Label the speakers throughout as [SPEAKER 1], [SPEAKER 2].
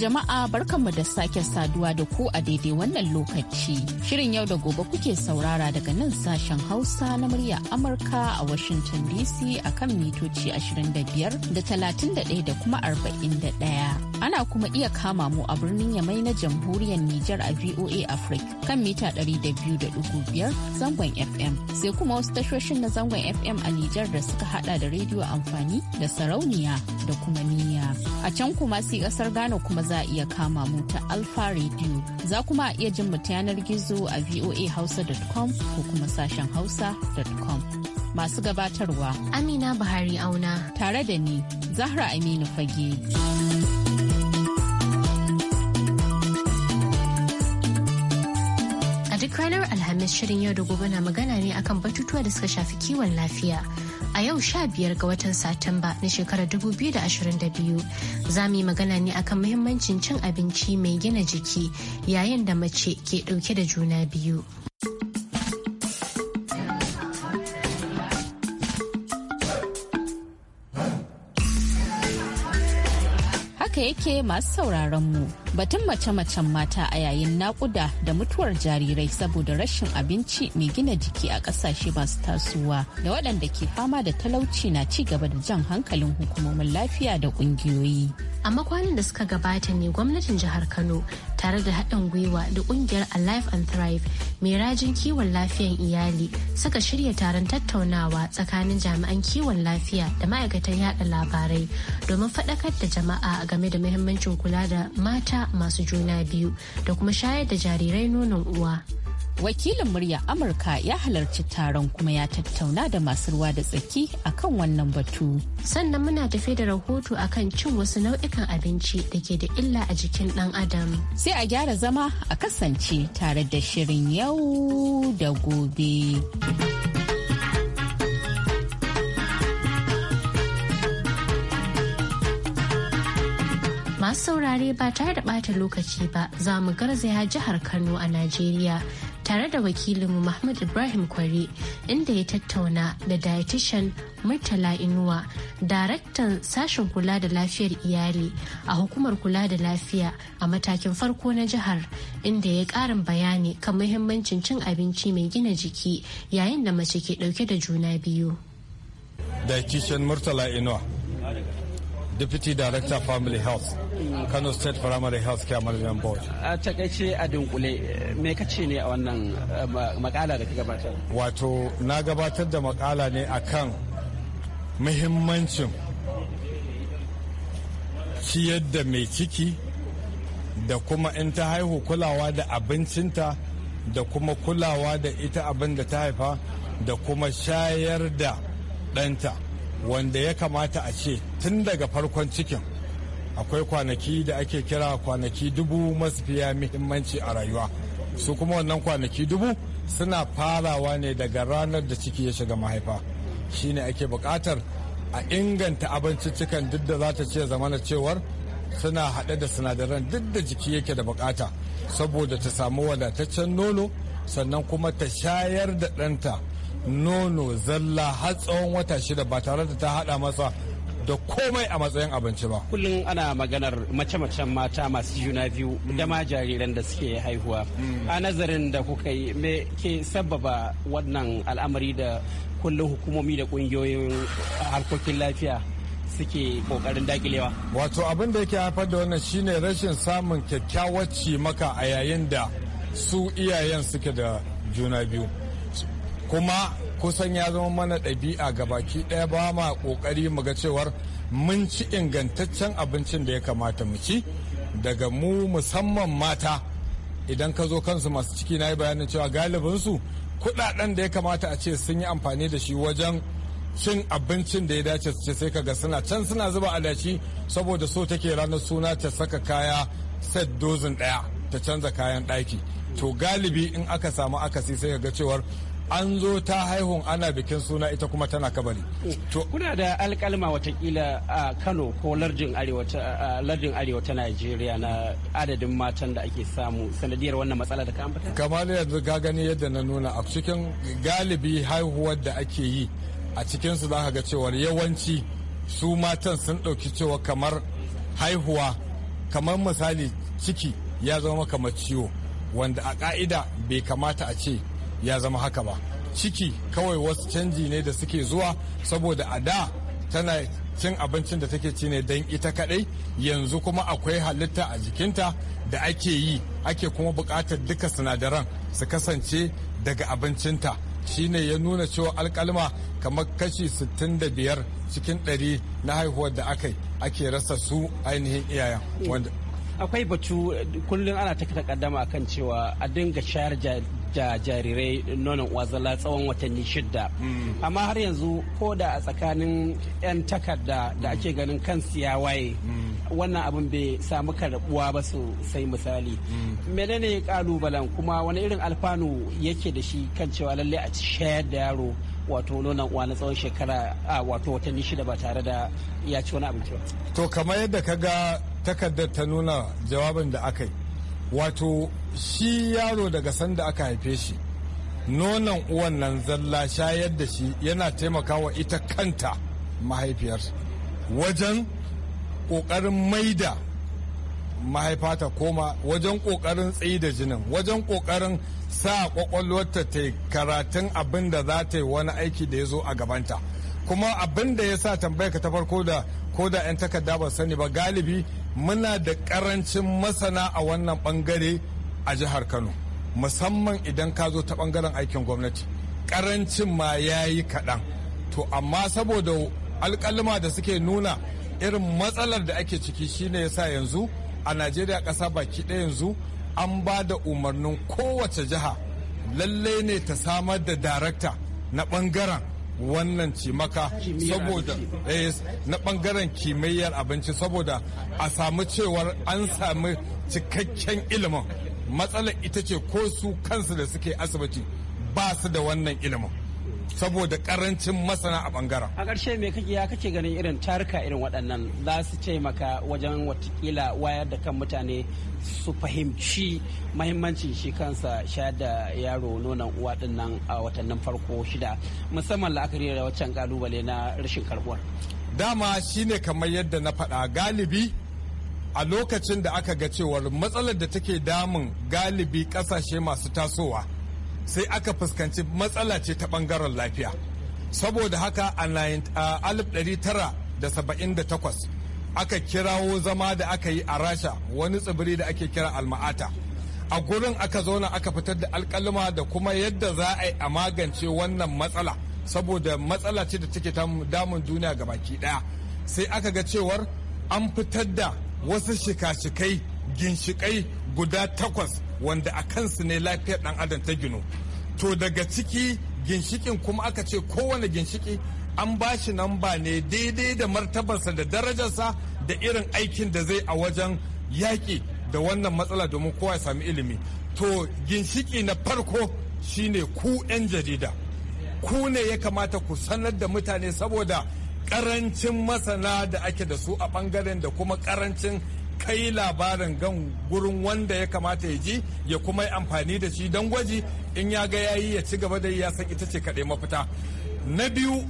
[SPEAKER 1] jama'a barkanmu da sake saduwa da ku a daidai wannan lokaci. Shirin yau da gobe kuke saurara daga nan sashen Hausa na murya Amurka a Washington DC a kan mitoci 25 da 31 da kuma 41. ana kuma iya kama mu a birnin Yamai na jamhuriyar Nijar a VOA Africa kan mita 200.5 zangon FM sai kuma wasu tashoshin na zangon FM a Nijar da suka hada da rediyo amfani da sarauniya da kuma niya. A can kuma sai kasar Ghana kuma za a iya kama mu ta Alfa Radio za kuma a iya jin mu yanar gizo a voahausa.com ko kuma sashen hausa.com. Masu gabatarwa Amina Buhari Auna tare da ni Zahra Aminu Fage. duk ranar Alhamis shirin yau da
[SPEAKER 2] gobe na magana ne akan batutuwa da suka shafi kiwon lafiya. A yau sha biyar ga watan Satumba na shekarar da biyu, za mu yi magana ne akan muhimmancin cin abinci mai gina jiki yayin da mace ke ɗauke da juna biyu.
[SPEAKER 1] haka yake masu sauraron mu batun mace-macen mata a yayin nakuda da mutuwar jarirai saboda rashin abinci mai gina jiki a kasashe masu tasowa da waɗanda ke fama da talauci na ci gaba da jan hankalin hukumomin lafiya da ƙungiyoyi. a makwanin da suka gabata ne gwamnatin jihar
[SPEAKER 2] kano tare da haɗin gwiwa da ƙungiyar alive and thrive mai rajin kiwon lafiyan iyali suka shirya taron tattaunawa tsakanin jami'an kiwon lafiya da ma'aikatan yada labarai domin faɗakar da jama'a game da muhimmancin kula da mata masu juna biyu da kuma shayar da jarirai nonon uwa
[SPEAKER 1] wakilin murya amurka ya halarci taron kuma ya tattauna da masu ruwa da tsaki akan wannan batu
[SPEAKER 2] sannan muna tafe da rahoto akan cin wasu nau'ikan abinci da ke da illa a jikin dan
[SPEAKER 1] adam sai a gyara zama a kasance tare da shirin yau da gobe.
[SPEAKER 2] masu saurare ba tare da bata lokaci ba za mu garzaya jihar Kano a Najeriya tare da wakilinmu Mahmud Ibrahim Kwari inda ya tattauna da dietitian Murtala Inuwa, daraktan sashen kula da lafiyar iyali a hukumar kula da lafiya a matakin farko na jihar inda ya karin bayani kan muhimmancin cin abinci mai gina jiki yayin da mace ke dauke da juna biyu.
[SPEAKER 3] Dietitian Murtala Inuwa. deputy director family health kano state primary health care management board
[SPEAKER 4] a takaice a dunkule me ka ce ne a wannan eh, makala da ka gabatar
[SPEAKER 3] wato na gabatar da makala ne akan muhimmancin ciyar da mai ciki da kuma in ta haihu kulawa da abincinta da kuma kulawa da ita abin da ta haifa da kuma shayar da ɗanta wanda ya kamata a ce tun daga farkon cikin akwai kwanaki da ake kira kwanaki dubu mafiya muhimmanci a rayuwa su kuma wannan kwanaki dubu suna farawa ne daga ranar da ciki ya shiga mahaifa shine ake buƙatar a inganta abinciccikan duk da za ta ce zamana cewar suna haɗe da sinadaran duk da jiki yake da buƙata saboda ta samu wadataccen nono sannan kuma ta shayar da ɗanta nono zalla har tsawon wata shida ba tare da ta hada masa da komai a matsayin abinci ba.
[SPEAKER 4] Kullum ana maganar mace-macen mata masu juna biyu mm. da ma jariran da suke haihuwa. Mm. A nazarin da kuka yi me ke sababa wannan al'amari da kullum hukumomi da kungiyoyin harkokin lafiya suke kokarin dakilewa.
[SPEAKER 3] Wato abin da yake haifar da wannan shine rashin samun kyakkyawar maka a yayin da su iyayen suke da juna biyu. kuma kusan ya zama mana ɗabi'a ga baki ɗaya ba ma ƙoƙari mu ga cewar mun ci ingantaccen abincin da ya kamata mu ci daga mu musamman mata idan ka zo kansu masu ciki na yi bayanin cewa galibinsu kuɗaɗen da ya kamata a ce sun yi amfani da shi wajen cin abincin da ya dace su ce sai ga suna can suna zuba adashi saboda so take ranar suna ta saka kaya set dozin ɗaya ta canza kayan ɗaki to galibi in aka samu akasi sai ga cewar an zo ta haihun ana bikin suna ita kuma tana kabari.
[SPEAKER 4] Kuna da alkalma watakila a Kano ko lardin arewa ta Najeriya na adadin matan da ake samu sanadiyar wannan matsala da ka
[SPEAKER 3] Kamar yanzu ka gani yadda na nuna a cikin galibi haihuwar da ake yi a cikinsu za ka ga cewar yawanci su matan sun ɗauki cewa kamar haihuwa kamar misali ciki ya zama kamar ciwo wanda a ka'ida bai kamata a ce ya zama haka ba ciki kawai wasu canji ne da suke zuwa saboda a da tana cin abincin da take ci ne don ita kadai yanzu kuma akwai halitta a jikinta da ake yi ake kuma buƙatar duka sinadaran su kasance daga abincinta shine ya nuna cewa alkalma kamar kashi 65 cikin 100
[SPEAKER 4] na haihuwar da aka ake rasa su ainihin iyayen akwai batu kullum ana ta a akan cewa a dinga shayar da jarirai nonon uwa tsawon watanni shidda mm. amma har yanzu ko da a tsakanin 'yan takarda da mm. ake ganin kan ya waye mm. wannan abin bai samu karbuwa ba su sai misali menene kalubalen kuma wani irin alfanu yake da shi kan cewa lalle a shayar da yaro wato nonon uwa tsawon shekara a wato watanni shida ba tare da ya ci wani abinci ba
[SPEAKER 3] to kamar yadda ka ga takardar ta nuna jawabin da aka yi wato shi yaro daga sanda aka haife shi nonon uwan nan zalla shayar da shi yana taimakawa ita kanta mahaifiyar wajen ƙoƙarin maida mahaifa ta koma wajen ƙoƙarin tsayi da jinin wajen ƙoƙarin sa ƙwaƙwalwarta ta karatun abin da za ta yi wani aiki da ya zo a gabanta kuma abin da ya sa tambayar ka ta farko da ko da 'yan takarda ba sani ba galibi muna da karancin masana a wannan bangare a jihar kano musamman idan ka zo ta bangaren aikin gwamnati karancin ma ya yi kaɗan to amma saboda alƙalima da suke nuna irin matsalar da ake ciki shine yasa yanzu a najeriya ƙasa baki ɗaya yanzu an ba da umarnin kowace jiha lallai ne ta samar da darakta na bangaren wannan cimaka saboda eh, na bangaren kimiyyar abinci saboda a samu cewar an sami cikakken ilimin matsalar ita ce ko su kansu da suke asibiti ba su da wannan ilimin saboda karancin masana a bangaren. A
[SPEAKER 4] ƙarshe me kake ya kake ganin irin taruka irin waɗannan za su taimaka wajen watakila wayar da kan mutane su fahimci mahimmancin shi kansa shayar da yaro nonon uwa ɗinnan a watannin farko shida musamman la'akari da waccan kalubale na rashin karbuwar. Dama
[SPEAKER 3] shi ne kamar yadda na faɗa galibi a lokacin da aka ga cewar matsalar da take damun galibi kasashe masu tasowa. sai aka fuskanci matsala ce ta bangaren lafiya saboda haka a 1978 aka kirawo zama da aka yi a rasha wani tsibiri da ake kira alma'ata a gurin aka zauna aka fitar da alkalima da kuma yadda za a yi a magance wannan matsala saboda matsala ce da take damun duniya ga baki daya sai aka ga cewar an fitar da wasu shika-shikai ginshikai guda takwas wanda a kansu ne lafiyar dan adam ta gino. to daga ciki ginshikin kuma aka ce kowane ginshiki an ba shi namba ne daidai da martabarsa da darajarsa da irin aikin da zai a wajen yaƙi da wannan matsala domin kowa ya sami ilimi to ginshiki na farko shine ku 'yan jarida ku ne ya kamata ku sanar da mutane saboda karancin masana da ake da su a bangaren da kuma karancin kai labarin gan gurin wanda ya kamata ya ji ya kuma yi amfani da shi don gwaji in ya ga ya yi ya ci gaba da ya san ita ce kaɗai mafita na biyu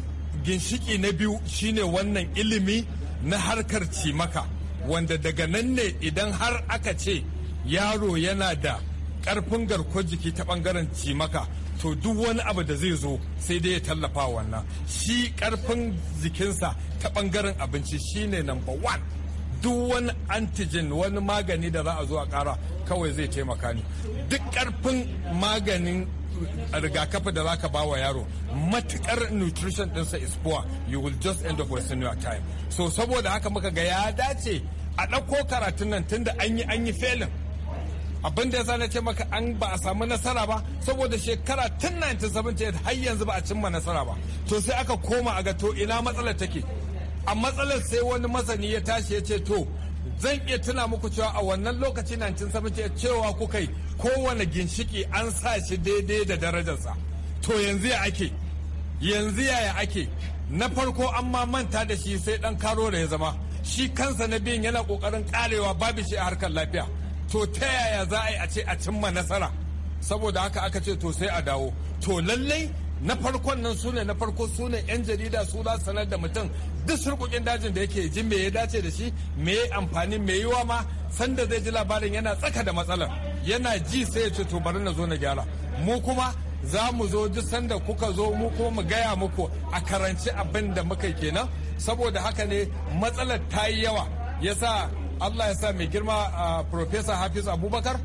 [SPEAKER 3] ginshiki na biyu shine wannan ilimi na harkar cimaka wanda daga nan ne idan har aka ce yaro yana da ƙarfin garkuwar jiki ta ɓangaren cimaka to duk wani abu da zai zo sai dai ya tallafa wannan shi karfin jikinsa ta ɓangaren abinci shine number one duk wani antigen wani magani da za a zo a kara kawai zai taimaka ni duk karfin maganin rigakafi da za ka ba wa yaro matukar nutrition dinsa is poor you will just end up wasting your time so saboda haka muka ga ya dace a ɗauko karatun nan tunda an yi an yi felin abin da ya na ce maka an ba a samu nasara ba saboda shekara tun 1978 har yanzu ba a cimma nasara ba to sai aka koma a ga to ina matsalar take a matsalar sai wani masani ya tashi ya ce to zan iya tuna muku cewa a wannan lokaci na 1970 cewa kuka yi kowane ginshiki an sa shi daidai da darajarsa to yanzu ya ake yanzu yaya ake na farko an ma manta da shi sai dan karo da ya zama shi kansa na biyan yana kokarin karewa babu shi a harkar lafiya to ta yaya za a yi a ce a cimma nasara saboda haka aka ce to sai a dawo to lallai na farkon nan sune na farko sune yan jarida su za sanar da mutum duk surkukin dajin da yake ji me ya dace da shi me ya amfani me yiwa ma sanda zai ji labarin yana tsaka da matsalar yana ji sai ya ce to bari na zo na gyara mu kuma za mu zo duk sanda kuka zo mu kuma mu gaya muku a karanci abin da muka kenan saboda haka ne matsalar ta yi yawa yasa allah ya sa mai girma a professor hafiz abubakar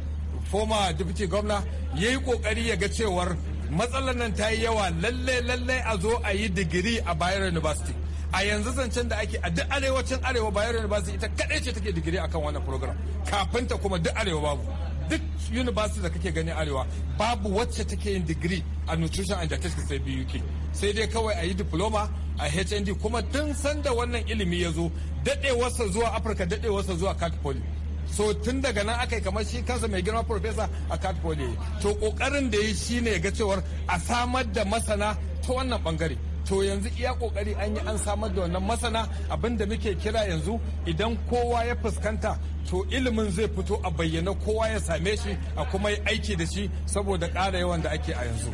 [SPEAKER 3] former deputy gwamna yayi yi kokari ya ga cewar matsalar nan ta yi yawa lalle lalle a zo a yi digiri a Bayero University a yanzu zancen da ake a duk arewacin arewa Bayero University ita kadai ce take digiri akan wannan program kafin ta kuma duk arewa babu duk university da kake gani arewa babu wacce take yin digiri a nutrition and dietetics sai BUK sai dai kawai a yi diploma a HND kuma tun sanda wannan ilimi ya zo dadewarsa zuwa Afirka dadewarsa zuwa Cat Poly so tun daga nan aka yi kamar shi kansa mai girma profesa a katkoli to kokarin da ya shi ne ga cewar a samar da masana ta wannan bangare to yanzu iya kokari an yi an samar da wannan masana abin da muke kira yanzu idan kowa ya fuskanta to ilimin zai fito a bayyana kowa ya same shi a kuma yi aiki da shi saboda ƙara yawan da ake a yanzu.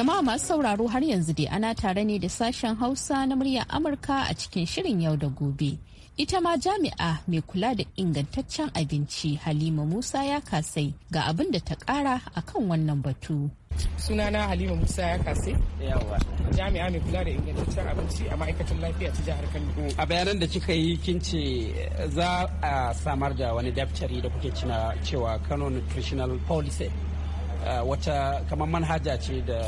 [SPEAKER 1] Jama'a masu sauraro har yanzu dai ana tare ne da sashen Hausa na muryar Amurka a cikin shirin yau da gobe. Ita ma jami'a mai kula da ingantaccen abinci Halima Musa ya kasai ga abin da ta kara akan wannan batu.
[SPEAKER 5] sunana halima musa ya kasai jami'a mai kula da ingantaccen abinci a ma'aikatan lafiya ta jihar kano a
[SPEAKER 4] bayanan da kika yi kin ce za a samar da wani daftari da kuke cina cewa kano nutritional policy Eh, wata kamar manhaja ce da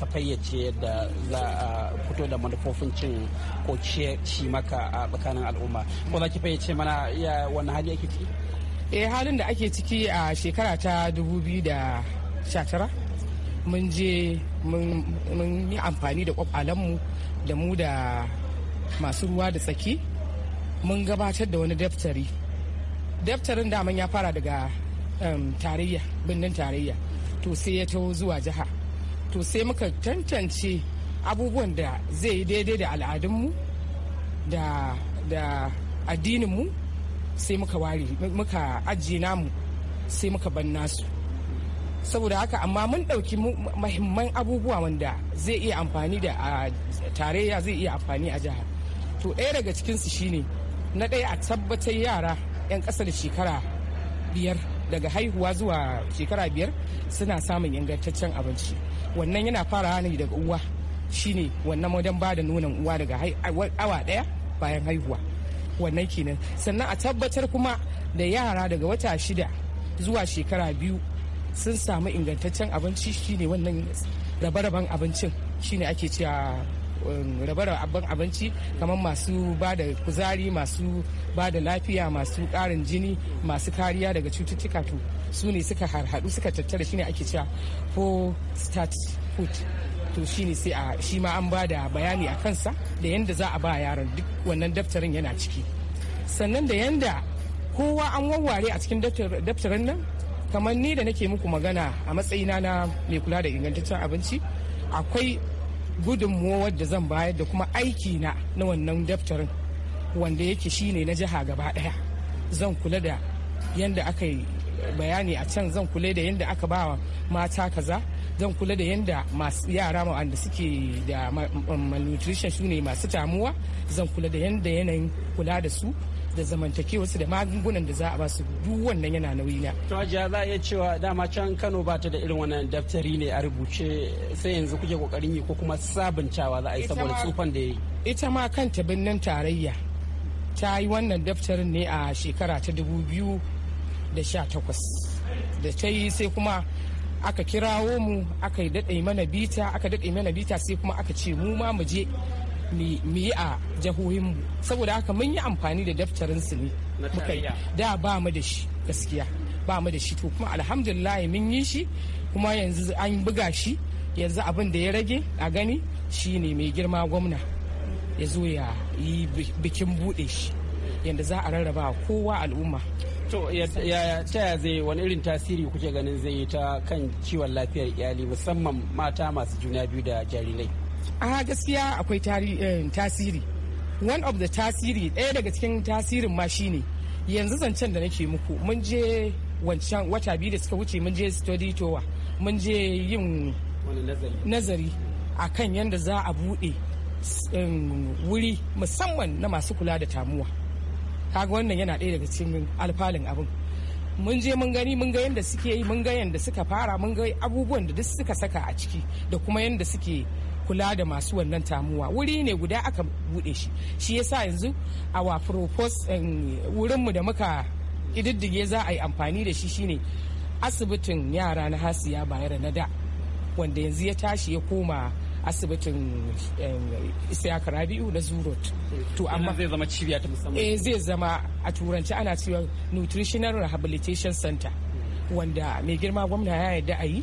[SPEAKER 4] ta fayyace da za a fito da manufofin cin ko ci maka a tsakanin al'umma ko za ki fayyace mana ya wani hali ake ciki
[SPEAKER 5] eh halin da ake ciki a shekara ta 2019 mun je mun yi amfani da mu da mu da masu ruwa da tsaki mun gabatar da wani daftari daftarin daman ya fara daga um, tarayya birnin tarayya to sai ya taho zuwa jiha to sai muka tantance abubuwan da zai yi daidai da al'adunmu da da addininmu sai muka ware muka ajiye namu sai muka ban nasu saboda haka amma mun ɗauki mahimman abubuwa wanda zai iya amfani da tarayya zai iya amfani a jihar to ɗaya daga cikinsu shine na ɗaya a tabbatar yara 'yan da shekara biyar daga haihuwa zuwa shekara biyar suna samun ingantaccen abinci wannan yana fara ne daga uwa shine wannan wajen ba da nonon uwa daga awa daya bayan haihuwa wannan kenan sannan a tabbatar kuma da yara daga wata shida zuwa shekara biyu sun samu ingantaccen abinci shine wannan rabe-raben abincin shine ake cewa Um, rabe abin abinci kamar masu ba da kuzari masu ba da lafiya masu ƙarin jini masu kariya daga cututtuka to su ne suka harhaɗu suka tattara shine ake cewa ko start food to shine sai a shi ma an ba da bayani a kansa da yanda za a ba yaran duk wannan daftarin yana ciki sannan da yanda kowa an wawware a cikin daftarin nan kamar ni da nake muku magana a matsayina na mai kula da ingantaccen abinci akwai gudunmuwar da zan bayar da kuma aiki na na wannan daftarin wanda yake shine na jiha gaba daya zan kula da yadda aka yi bayani a can zan kula da yadda aka bawa mata kaza zan kula da yadda masu yara wanda suke da malnutrition su ne masu tamuwa zan kula da yadda yanayin kula da su da zamantakewarsu da magungunan da za a ba su duk wannan yana nauyi na.
[SPEAKER 4] To ajiya za a iya cewa dama can Kano ba ta da irin wannan daftari ne a rubuce sai yanzu kuke kokarin yi ko kuma sabuntawa za a yi saboda tsufan
[SPEAKER 5] da ya yi. Ita ma kanta birnin tarayya ta yi wannan daftarin ne a shekara ta dubu biyu da sha takwas da ta yi sai kuma aka kirawo mu aka daɗe mana bita aka daɗe mana bita sai kuma aka ce mu ma mu je mu yi a jihohinmu saboda haka mun yi amfani da daftarin su ne muka yi da ba mu da shi gaskiya ba mu da shi to kuma alhamdulillah mun yi shi kuma yanzu an buga shi yanzu abin da ya rage a gani shine mai girma gwamna ya zo ya yi bikin buɗe shi yadda za a rarraba kowa
[SPEAKER 4] al'umma to ya ta zai wani irin tasiri kuke ganin zai yi ta kan kiwon lafiyar iyali musamman mata masu juna biyu da jarirai
[SPEAKER 5] a gaskiya akwai eh, tasiri one of the tasiri ɗaya daga cikin tasirin ma shine yanzu zancen da nake muku mun je wancan wata biyu da suka wuce mun je study towa mun je yin nazari a kan yadda za a buɗe wuri musamman na masu kula da tamuwa kaga wannan yana ɗaya daga cikin alfalin abin mun je mun gani mun ga yadda suke yi mun ga yadda suka fara mun ga abubuwan da duk suka saka a ciki da kuma yadda suke kula da masu wannan tamuwa wuri ne guda aka bude shi shi yasa yanzu awa eh, wurin mu da muka kididdige za a yi amfani da shi shine asibitin yara na hasiya bayar na da wanda yanzu ya tashi ya koma asibitin eh, isiyaka rabi'u na zurot to amma zai
[SPEAKER 4] zama cibiya ta musamman eh, zai
[SPEAKER 5] zama a turanci ana cewa nutritional rehabilitation center wanda mai girma gwamna ya yarda a yi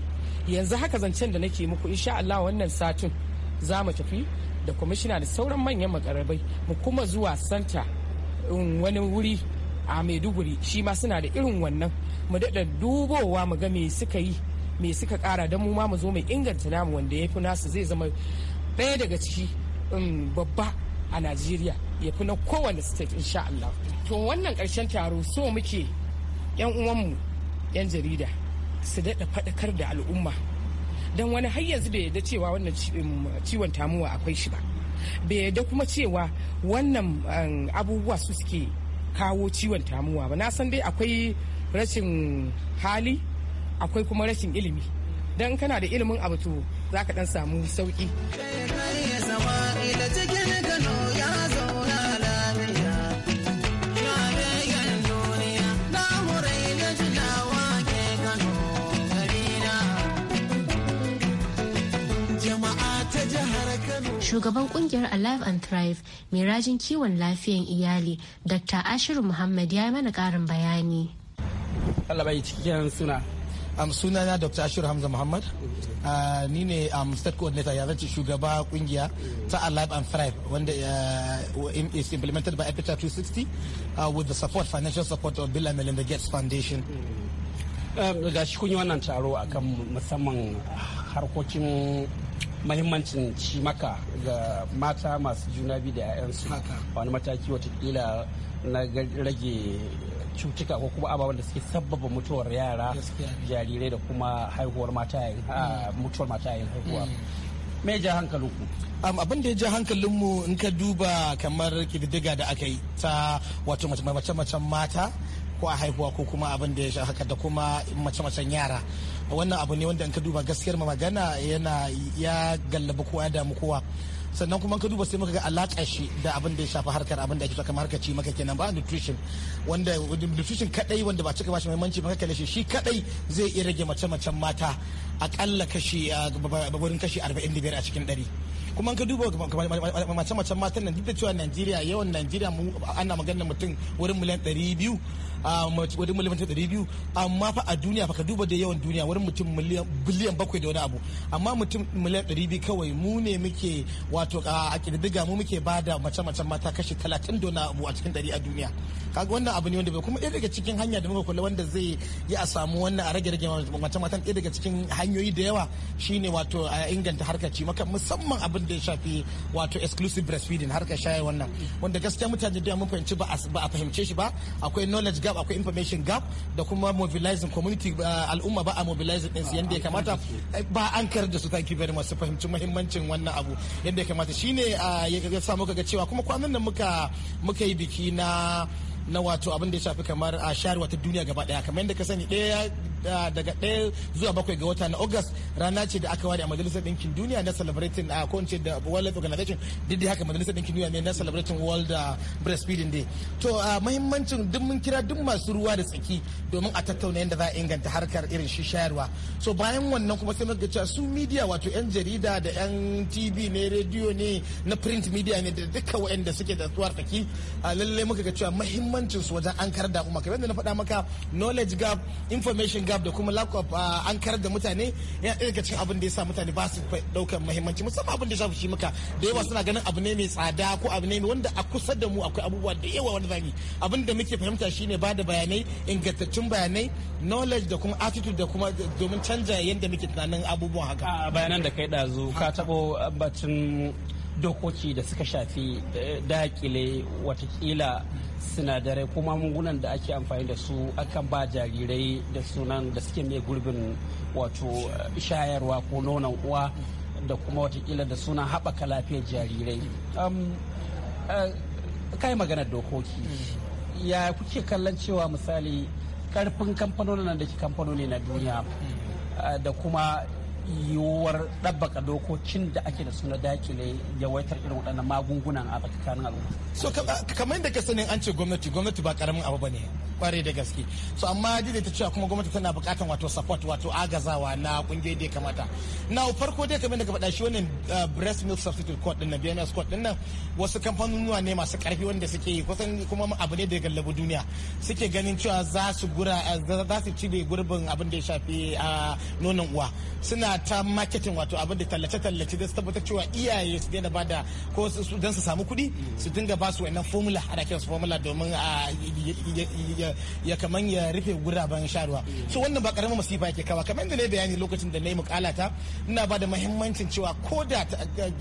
[SPEAKER 5] yanzu haka zancen da nake muku insha Allah wannan satin za mu tafi da kwamishina da sauran manyan makarabai mu kuma zuwa santa um, wani wuri a maiduguri shi ma suna da irin wannan mu daɗa dubowa mu ga me suka yi me suka ƙara don mu ma mu zo mai inganta namu wanda ya fi nasu zai zama ɗaya daga ciki um, babba a najeriya ya fi na kowane state insha Allah. to wannan ƙarshen taro so muke 'yan uwanmu 'yan jarida su daɗa faɗakar da al'umma don wani har yanzu bai yarda cewa wannan um, ciwon tamuwa akwai shi ba bai yarda kuma cewa wannan um, abubuwa su suke kawo ciwon tamuwa ba na san dai akwai rashin hali akwai kuma rashin ilimi don kana da ilimin abu to za ka dan samu sauki.
[SPEAKER 2] shugaban kungiyar alive and thrive mai rajin kiwon lafiyan iyali dr ashiru muhammad ya yi mana karin bayani
[SPEAKER 6] Allah cikin suna am na dr ashiru hamza muhammad ah, ni ne am state coordinator ya zance shugaba kungiya ta alive and thrive wanda eh, is implemented by epita 260 uh, with the support financial support of bill and melinda gates foundation eh, gashi kun yi wannan taro akan
[SPEAKER 4] musamman harkokin mahimmancin ci maka ga mata masu juna biyu da 'ya'yansu wani mataki watakila na rage cutuka ko kuma ababen da suke sabbaba mutuwar yara jarirai da kuma haihuwar mata
[SPEAKER 6] mm. mutuwar mata yayin haihuwa mm. me ja hankalinku abin da ya ja hankalinmu in ka duba kamar kididdiga da aka yi ta wato mace-macen mata ko a haihuwa ko kuma abin da ya sha haka da kuma mace-macen yara wannan abu ne wanda in ka duba gaskiyar magana yana ya gallaba kowa ya damu kowa sannan kuma ka duba sai muka ga alaƙa shi da abin da ya shafi harkar abin da ake saka harkar ci maka kenan ba nutrition wanda nutrition kadai wanda ba cika ba shi muhimmanci ba kalle shi shi kadai zai iya rage mace-macen mata akalla kashi wurin kashi 45 a cikin 100 kuma ka duba mace-macen mata nan duk da cewa Najeriya yawan Najeriya mu ana maganar mutum wurin miliyan 200 wajen miliyan ta ɗari biyu amma fa a duniya fa ka duba da yawan duniya wani mutum miliyan biliyan bakwai da wani abu amma mutum miliyan ɗari biyu kawai mu ne muke wato a ƙididdiga mu muke ba da mace-macen mata kashi talatin da wani abu a cikin ɗari a duniya kaga wannan abu ne wanda bai kuma ɗaya daga cikin hanya da muka kula wanda zai yi a samu wannan a rage-rage mace-macen ɗaya daga cikin hanyoyi da yawa shine wato a inganta harkar maka musamman abin da ya shafi wato exclusive breastfeeding harkar shayar wannan wanda gaskiya mutane da mun fahimci ba a fahimce shi ba akwai knowledge gap gap akwai information gap da kuma mobilizing community uh, al'umma ba a mobilizing din su yadda ya ah, kamata eh, ba an kar da su thank you very much su fahimci muhimmancin wannan abu yadda ya kamata shine uh, ya samu kaga ga cewa kuma kwanan nan muka muka yi biki na na wato abin da ya shafi kamar a sharuwa ta duniya gaba daya kamar yadda ka sani daya daga daya zuwa bakwai ga wata na august rana ce da aka ware a majalisar ɗinkin duniya na celebrating a ko ce da world health organization didi haka majalisar ɗinkin duniya ne na celebrating world breastfeeding day to muhimmancin duk mun kira duk masu ruwa da tsaki domin a tattauna yadda za a inganta harkar irin shi shayarwa so bayan wannan kuma sai muka cewa su media wato yan jarida da yan tv ne rediyo ne na print media ne da duka waɗanda suke da tsuwar tsaki lallai muka ga cewa muhimmanci muhimmancin su wajen an karar da al'umma kamar yadda na faɗa maka knowledge gap information gap da kuma lack of ah, an karar da mutane yana ɗaya daga cikin abin da ya sa mutane ba su ɗaukar muhimmanci musamman abin da ya shafi shi maka da yawa suna ganin abu ne mai tsada ko abu ne wanda a kusa da mu akwai abubuwa da yawa wanda zamu abin da muke fahimta shine ba da bayanai ingantattun bayanai knowledge da kuma attitude da kuma domin canja yadda muke tunanin abubuwan haka bayanan da
[SPEAKER 4] kai ɗazu ka taɓo ah, batun dokoki da suka shafi eh, dakile watakila sinadarai kuma magungunan da ake amfani da su akan ba jarirai da sunan da suke mai gurbin wato eh, shayarwa ko nonon uwa da kuma watakila da sunan haɓaka lafiyar jarirai eh, kai maganar dokoki mm. ya kuke kallon cewa misali karfin kamfanonin da ke kamfanoni na duniya mm. da kuma yiwuwar ɗabbaka dokokin da ake da suna dakile yawaitar irin waɗannan
[SPEAKER 6] magungunan a tsakanin al'umma. so kamar yadda ka sanin an ce gwamnati gwamnati ba karamin abu ba ne kware da gaske so amma dai ta cewa kuma gwamnati tana buƙatar wato support wato agazawa na kungiyoyi da ya kamata na farko dai kamar da ka faɗa shi wannan uh, breast milk substitute court din na BMS court din nan wasu kamfanonuwa ne masu ƙarfi wanda suke kusan kuma abu ne da ya gallabi duniya suke ganin cewa za su gura za su cire gurbin abin da ya shafi uh, nonon uwa suna ta marketing wato abin da tallace-tallace da su tabbatar cewa iyaye su daina bada ko su don su samu kuɗi su dinga ba su wannan formula ana su formula domin ya kaman ya rufe guraben sharuwa so wannan ba karamin masifa yake kawa kamar yadda na bayani lokacin da na yi mukalata ina ba da mahimmancin cewa ko da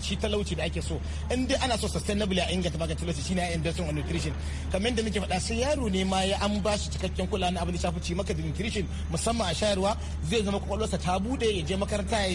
[SPEAKER 6] shi talauci da ake so in dai ana so sustainable a inganta baka talauci shine investment on nutrition kamar da muke faɗa sai yaro ne ma ya an ba shi cikakken kula na abin da shafi ci maka da nutrition musamman a shayarwa zai zama kwakwalwarsa ta bude ya je makarantar makaranta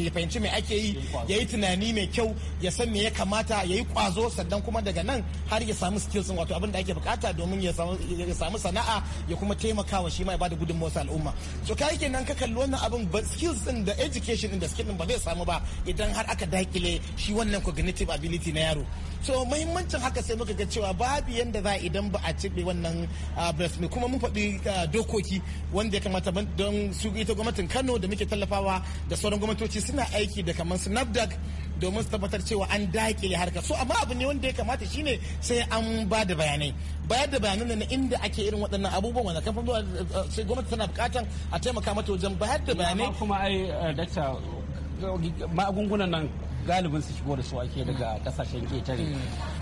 [SPEAKER 6] ya fahimci mai ake yi ya yi tunani mai kyau ya san me ya kamata ya yi kwazo sannan kuma daga nan har ya samu skills wato abin da ake bukata domin ya samu sana'a ya kuma taimakawa shi ma ya bada gudunmawarsa al'umma so kai kenan ka kalli wannan abin skills din da education din da skill din ba zai samu ba idan har aka dakile shi wannan cognitive ability na yaro so mahimmancin haka sai muka ga cewa babu yadda za idan ba a cibe wannan ah, breast milk kuma mun faɗi ah, dokoki wanda ya kamata don su ita gwamnatin Kano da muke tallafawa da sauran gwamnatoci suna aiki da kamar Snapdag domin su tabbatar cewa an dakile harka so amma abu ne wanda ya kamata shine sai an ba da bayanai bayar da bayanan na inda ake irin waɗannan abubuwan wanda kafin ah, sai gwamnati tana bukatan a taimaka mata wajen bayar da bayanai kuma ai
[SPEAKER 4] dakta magungunan nan galibin su shigo da su ake daga kasashen ketare mm.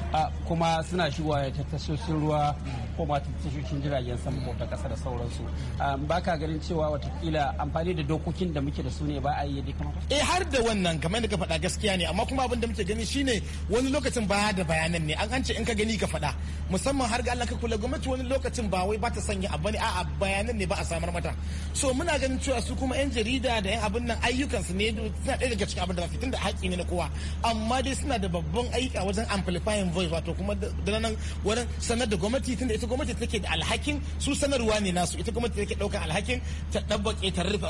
[SPEAKER 4] kuma suna shigowa ta tashoshin ruwa ko ma ta tashoshin jiragen sama ko ta kasa da sauransu ba ka ganin cewa watakila amfani da dokokin da muke da su
[SPEAKER 6] ne ba a yi yadda kamata eh har da wannan kamar da ka faɗa gaskiya ne amma kuma abin da muke gani shine wani lokacin ba da bayanan ne an ce in ka gani ka faɗa musamman har ga Allah ka kula gwamnati wani lokacin ba wai ba ta sanya abu ne a'a bayanan ne ba a samar mata so muna ganin cewa su kuma yan jarida da yan abin nan ayyukansu ne suna ɗaya daga cikin abin da fitin da haƙƙi ne na kowa amma dai suna da babban aiki a wajen amplifying voice wato kuma da nan wurin sanar da gwamnati tunda ita gwamnati take da alhakin su sanarwa ne nasu ita gwamnati take daukan alhakin ta dabbake ta rufe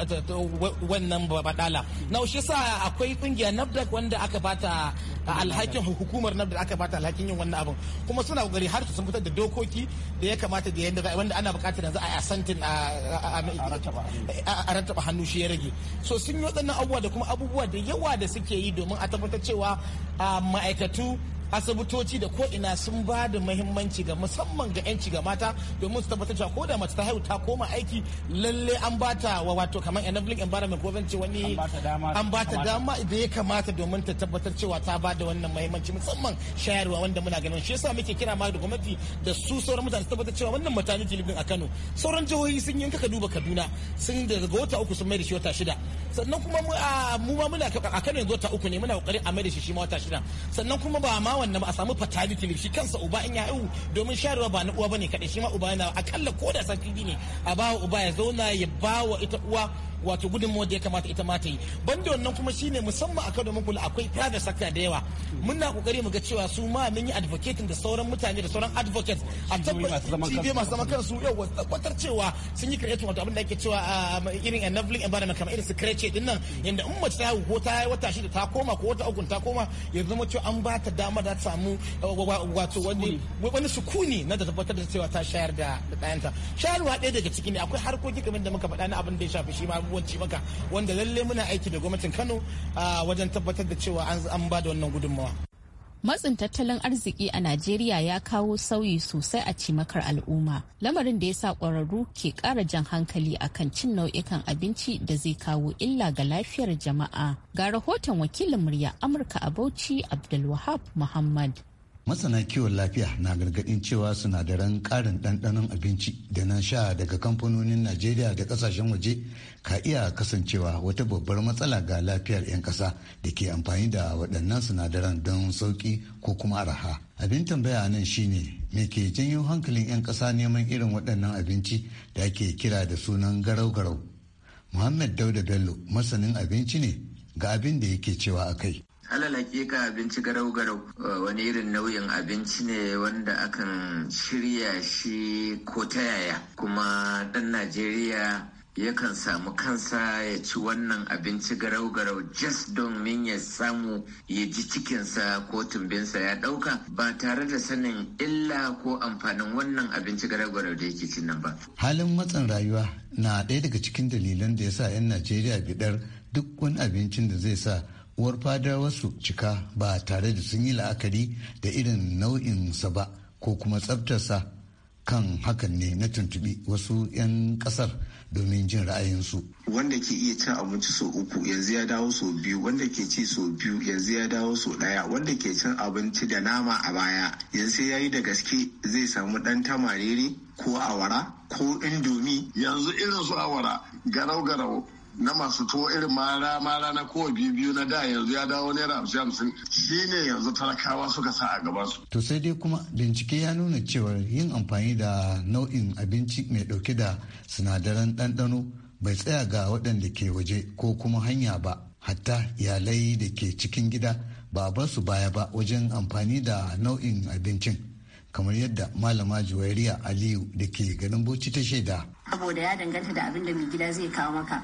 [SPEAKER 6] wannan badala na shi sa akwai kungiya nafdak wanda aka bata alhakin hukumar nafdak aka bata alhakin yin wannan abin kuma suna gari har su fitar da dokoki da ya kamata da yadda wanda ana bukatar yanzu a asantin a rantaba hannu shi ya rage so sun yi waɗannan abubuwa da kuma abubuwa da yawa da suke yi domin a tabbatar cewa ma'aikatu asibitoci da ko ina sun ba da muhimmanci ga musamman ga 'yanci ga mata domin su tabbatar cewa ko da mace ta haihu ta koma aiki lalle an ba ta wa wato kamar enabling environment ko zance wani an ba ta dama da ya kamata domin ta tabbatar cewa ta ba da wannan muhimmanci musamman shayarwa wanda muna ganin shi yasa muke kira ma da gwamnati da su sauran mutane su tabbatar cewa wannan mutane leave a Kano sauran jihohi sun yi kaka duba Kaduna sun daga wata uku sun mai da shi wata shida sannan kuma mu ma muna a Kano yanzu wata uku ne muna kokarin a mai da shi shi ma wata shida sannan kuma ba ma wannan ba a samu fatality leave shi kansa uba in ya haihu domin shayarwa ba na uwa bane kadai shi ma uba yana akalla ko da safidi ne a bawa uba ya zauna ya bawa ita uwa wato gudunmawar da ya kamata ita ma ta yi banda wannan kuma shine musamman a kano kula akwai private sector da yawa muna kokari mu ga cewa su ma mun yi advocating da sauran mutane da sauran advocates a tabbatar masu zaman kansu yau tabbatar cewa sun yi creating wato abin da ake cewa ah, irin enabling environment kamar irin su crece din nan yanda in mace ta haihu ko ta yi wata shida ta koma ko wata uku ta koma ya zama cewa an ba ta dama da ta samu ah, wato wani wani sukuni na da tabbatar da cewa ta shayar da ɗayanta shayarwa ɗaya daga ciki ne akwai harkoki kamar da muka faɗa na abin da ya shafi shi ma abubuwan maka wanda lalle muna aiki da gwamnatin kano wajen tabbatar da cewa an ba da wannan gudunmawa
[SPEAKER 1] matsin tattalin arziki a najeriya ya kawo sauyi sosai a cimakar al'umma lamarin da ya sa ƙwararru ke ƙara jan hankali akan cin nau'ikan abinci da zai kawo illa ga lafiyar jama'a ga rahoton wakilin murya amurka a bauchi abdulwahab muhammad
[SPEAKER 7] masana kiwon lafiya na gargaɗin cewa sinadaran karin ɗanɗanon abinci da na sha daga kamfanonin najeriya da ƙasashen waje ka iya kasancewa wata babbar matsala ga lafiyar 'yan ƙasa da ke amfani da waɗannan sinadaran don sauƙi ko kuma araha abin tambaya nan shine me ke janyo hankalin 'yan ƙasa neman irin waɗannan abinci da ake kira da sunan garau-garau muhammad dauda bello masanin abinci ne ga abin da yake cewa a kai
[SPEAKER 8] alal hakika abinci garau-garau eh, wani irin nau'in abinci ne wanda akan shirya shi ko ta yaya kuma dan najeriya yakan samu kansa ya ci wannan abinci garau-garau just domin ya samu ya ji cikinsa ko tumbinsa ya dauka ba tare da sanin illa ko amfanin wannan abinci garau-garau da yake cin nan ba.
[SPEAKER 7] Halin matsan rayuwa na ɗaya daga cikin dalilan da ya sa 'yan Najeriya biɗar duk wani abincin da zai sa uwar fadawarsu cika ba tare da sun yi la'akari da irin nau'insa ba ko kuma tsabtarsa kan hakan ne na tuntubi wasu 'yan kasar domin jin ra'ayinsu.
[SPEAKER 8] Wanda ke iya cin abinci sau
[SPEAKER 6] uku yanzu ya dawo sau biyu, wanda ke ci sau biyu yanzu ya dawo sau ɗaya, wanda ke cin abinci da nama a baya yanzu sai ya yi da gaske zai samu ɗan tamariri ko awara ko indomi. Yanzu irin su awara garau-garau na masu tuwo irin
[SPEAKER 3] mara mara na kowa biyu biyu na da yanzu ya dawo naira hamsin Shi ne yanzu talakawa suka sa a gaban su.
[SPEAKER 7] to sai dai kuma bincike ya nuna cewa yin amfani da nau'in abinci mai dauke da sinadaran ɗanɗano bai tsaya ga waɗanda ke waje ko kuma hanya ba hatta iyalai da ke cikin gida ba a su baya ba wajen amfani da nau'in abincin kamar yadda malama juwairiya aliyu da ke garin bauchi ta shaida
[SPEAKER 1] saboda ya danganta da abin da mai gida zai kawo maka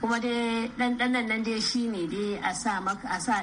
[SPEAKER 1] kuma dai ɗanɗanan nan dai shi ne dai a sa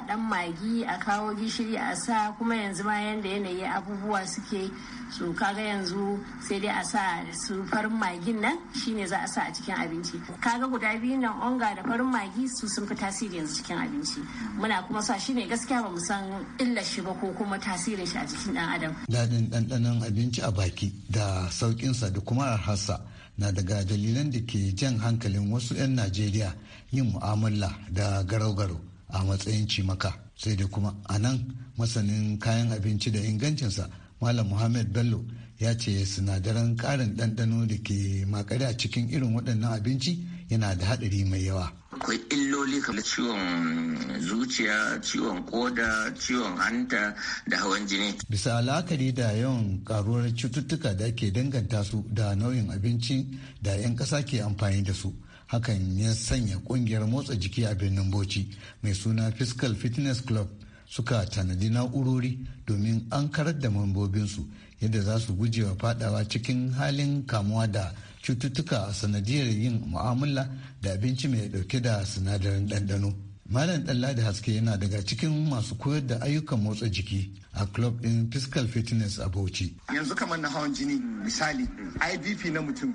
[SPEAKER 1] ɗan magi a kawo gishiri a sa kuma yanzu ma yanda yanayi abubuwa suke su kaga yanzu sai dai a sa su farin magin nan shine za a sa a cikin abinci kaga guda biyu nan onga da farin magi su sun fi tasiri yanzu cikin abinci muna kuma sa shi ne gaskiya ba san illa shi ba ko kuma tasirin shi a cikin dan adam
[SPEAKER 7] daɗin ɗanɗanon abinci a baki da sauƙinsa da kuma arharsa na daga dalilan da ke jan hankalin wasu 'yan najeriya yin mu'amala da garau-garau a matsayin cimaka sai dai kuma a nan masanin kayan abinci da ingancinsa malam muhammad bello ya ce sinadaran karin ɗanɗano da ke makare a cikin irin waɗannan abinci yana da haɗari mai yawa.
[SPEAKER 8] Akwai illoli kamar ciwon zuciya, ciwon koda, ciwon hanta da hawan jini.
[SPEAKER 7] Bisa al'akari da yawan karuwar cututtuka da ke danganta su da nau'in abinci da 'yan ƙasa ke amfani da su. Hakan ya sanya ƙungiyar motsa jiki a birnin Bauchi mai suna Fiscal Fitness Club suka tanadi na'urori domin an karar da mambobinsu yadda za su gujewa faɗawa cikin halin kamuwa da cututtuka sanadiyar yin mu'amala da abinci mai dauke da sinadarin ɗanɗano. Malam Ɗanladi Haske yana daga cikin masu koyar da ayyukan motsa jiki a club ɗin Physical Fitness a Bauchi.
[SPEAKER 6] Yanzu kamar na hawan jini misali IBP na mutum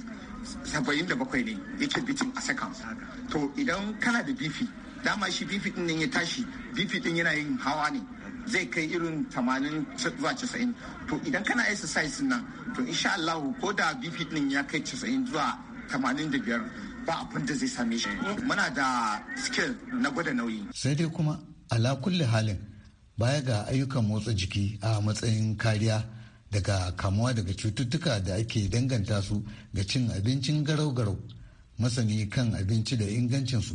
[SPEAKER 6] 77 da bakwai ne yake bitin a saka, To idan kana da BP dama shi BP ɗin ya tashi BP ɗin yana yin hawa ne zai kai irin 80 zuwa 90 to idan kana exercise nan to insha Allah ko da bp din ya kai 90 zuwa 85 ba abin da zai same shi muna da skill na gwada nauyi
[SPEAKER 7] sai dai kuma ala kulli halin baya ga ayyukan motsa jiki a matsayin kariya daga kamuwa daga cututtuka da ake danganta su ga cin abincin garau-garau masani kan abinci da ingancinsu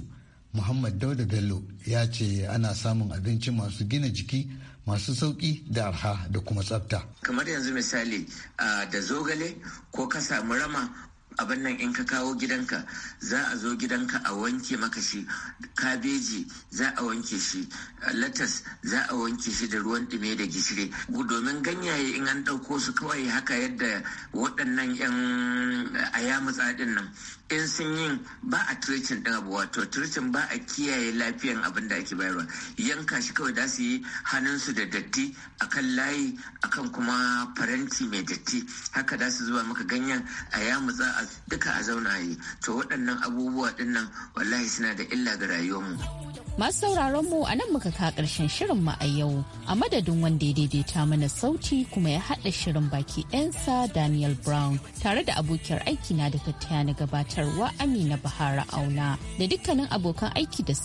[SPEAKER 7] muhammad dauda bello ya ce ana samun abinci masu gina jiki masu sauƙi da arha da kuma tsafta.
[SPEAKER 8] kamar yanzu misali ah, da zogale ko ka samu rama abin nan in ka kawo gidanka za a zo gidanka a wanke maka shi kabeji za a wanke shi latas za a wanke shi da ruwan ɗume da gishiri domin ganyaye in an ɗauko su kawai haka yadda waɗannan 'yan ayamutsa ɗin nan in sun yi ba a turcin ɗin abu wato turcin ba a kiyaye lafiyan abin da ake bayarwa yanka shi kawai da su yi su da datti akan layi akan kuma faranti mai datti haka da su zuba maka ganyen a yamutsa duka a zauna yi to waɗannan abubuwa dinnan wallahi suna da illa ga rayuwarmu
[SPEAKER 1] masu sauraron mu a nan muka ka karshen shirin mu a yau a madadin wanda ya daidaita mana sauti kuma ya haɗa shirin baki ɗansa daniel brown tare da abokiyar aiki na da tattaya na gabatarwa amina bahara auna da dukkanin abokan aiki da